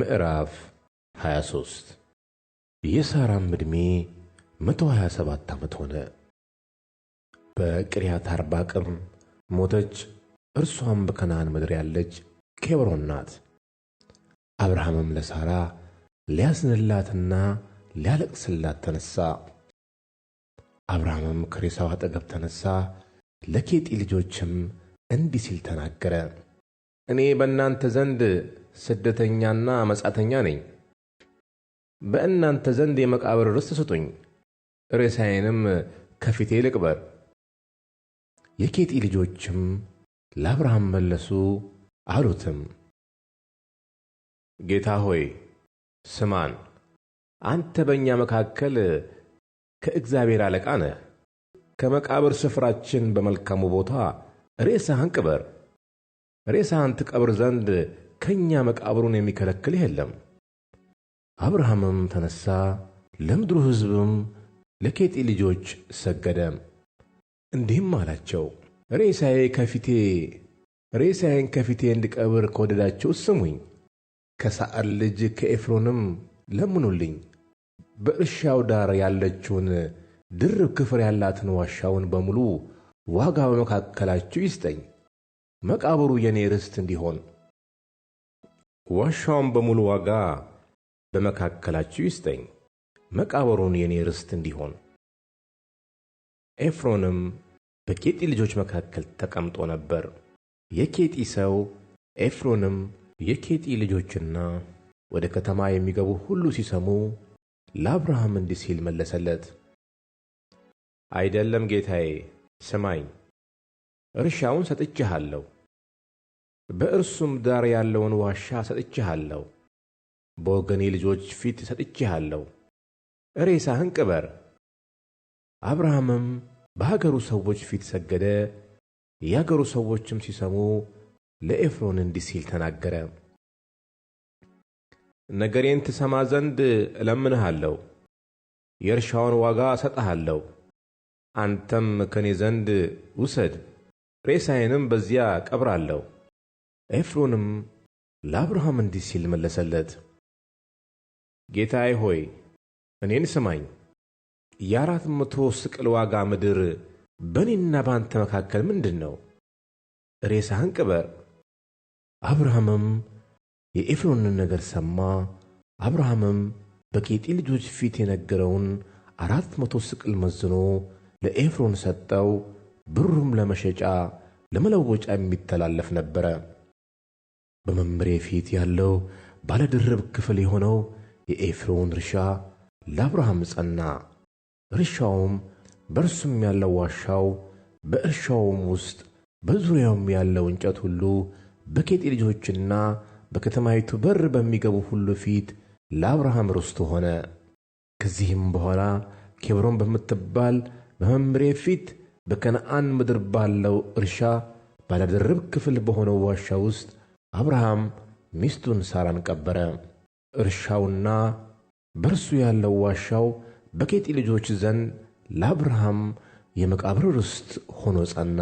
ምዕራፍ 23 የሳራም ዕድሜ 127 ዓመት ሆነ። በቂርያት አርባቅም ሞተች። እርሷም በከነዓን ምድር ያለች ኬብሮን ናት። አብርሃምም ለሳራ ሊያዝንላትና ሊያለቅስላት ተነሳ አብርሃምም ከሬሳው አጠገብ ተነሳ ለኬጢ ልጆችም እንዲህ ሲል ተናገረ፦ እኔ በእናንተ ዘንድ ስደተኛና መጻተኛ ነኝ። በእናንተ ዘንድ የመቃብር ርስት ስጡኝ፣ ሬሳዬንም ከፊቴ ልቅበር። የኬጢ ልጆችም ለአብርሃም መለሱ አሉትም፣ ጌታ ሆይ ስማን፣ አንተ በእኛ መካከል ከእግዚአብሔር አለቃ ነህ። ከመቃብር ስፍራችን በመልካሙ ቦታ ሬሳህን ቅበር። ሬሳህን ትቀብር ዘንድ ከእኛ መቃብሩን የሚከለክልህ የለም። አብርሃምም ተነሳ፣ ለምድሩ ሕዝብም ለኬጢ ልጆች ሰገደ። እንዲህም አላቸው፣ ሬሳዬ ከፊቴ ሬሳዬን ከፊቴ እንድቀብር ከወደዳችሁ ስሙኝ፣ ከሳዕር ልጅ ከኤፍሮንም ለምኑልኝ በእርሻው ዳር ያለችውን ድርብ ክፍር ያላትን ዋሻውን በሙሉ ዋጋ በመካከላችሁ ይስጠኝ፣ መቃብሩ የኔ ርስት እንዲሆን ዋሻውን በሙሉ ዋጋ በመካከላችሁ ይስጠኝ፣ መቃብሩን የኔ ርስት እንዲሆን። ኤፍሮንም በኬጢ ልጆች መካከል ተቀምጦ ነበር። የኬጢ ሰው ኤፍሮንም የኬጢ ልጆችና ወደ ከተማ የሚገቡ ሁሉ ሲሰሙ ለአብርሃም እንዲህ ሲል መለሰለት፣ አይደለም ጌታዬ፣ ስማኝ፣ እርሻውን ሰጥቼሃለሁ በእርሱም ዳር ያለውን ዋሻ ሰጥቼሃለሁ፣ በወገኔ ልጆች ፊት ሰጥቼሃለሁ፣ ሬሳህን ቅበር። አብርሃምም በሀገሩ ሰዎች ፊት ሰገደ። የአገሩ ሰዎችም ሲሰሙ ለኤፍሮን እንዲህ ሲል ተናገረ። ነገሬን ትሰማ ዘንድ እለምንሃለሁ፣ የእርሻውን ዋጋ እሰጥሃለሁ። አንተም ከኔ ዘንድ ውሰድ፣ ሬሳዬንም በዚያ ቀብራለሁ። ኤፍሮንም ለአብርሃም እንዲህ ሲል መለሰለት፣ ጌታዬ ሆይ እኔን ስማኝ፤ የአራት መቶ ስቅል ዋጋ ምድር በእኔና በአንተ መካከል ምንድን ነው? ሬሳህን ቅበር። አብርሃምም የኤፍሮንን ነገር ሰማ። አብርሃምም በኬጢ ልጆች ፊት የነገረውን አራት መቶ ስቅል መዝኖ ለኤፍሮን ሰጠው። ብሩም ለመሸጫ ለመለወጫ የሚተላለፍ ነበረ። በመምሬ ፊት ያለው ባለድርብ ክፍል የሆነው የኤፍሮን እርሻ ለአብርሃም ጸና። እርሻውም በእርሱም ያለው ዋሻው፣ በእርሻውም ውስጥ በዙሪያውም ያለው እንጨት ሁሉ በኬጢ ልጆችና በከተማይቱ በር በሚገቡ ሁሉ ፊት ለአብርሃም ርስቱ ሆነ። ከዚህም በኋላ ኬብሮን በምትባል በመምሬ ፊት በከነአን ምድር ባለው እርሻ ባለድርብ ክፍል በሆነው ዋሻ ውስጥ አብርሃም ሚስቱን ሳራን ቀበረ። እርሻውና በርሱ ያለው ዋሻው በኬጢ ልጆች ዘንድ ለአብርሃም የመቃብር ርስት ሆኖ ጸና።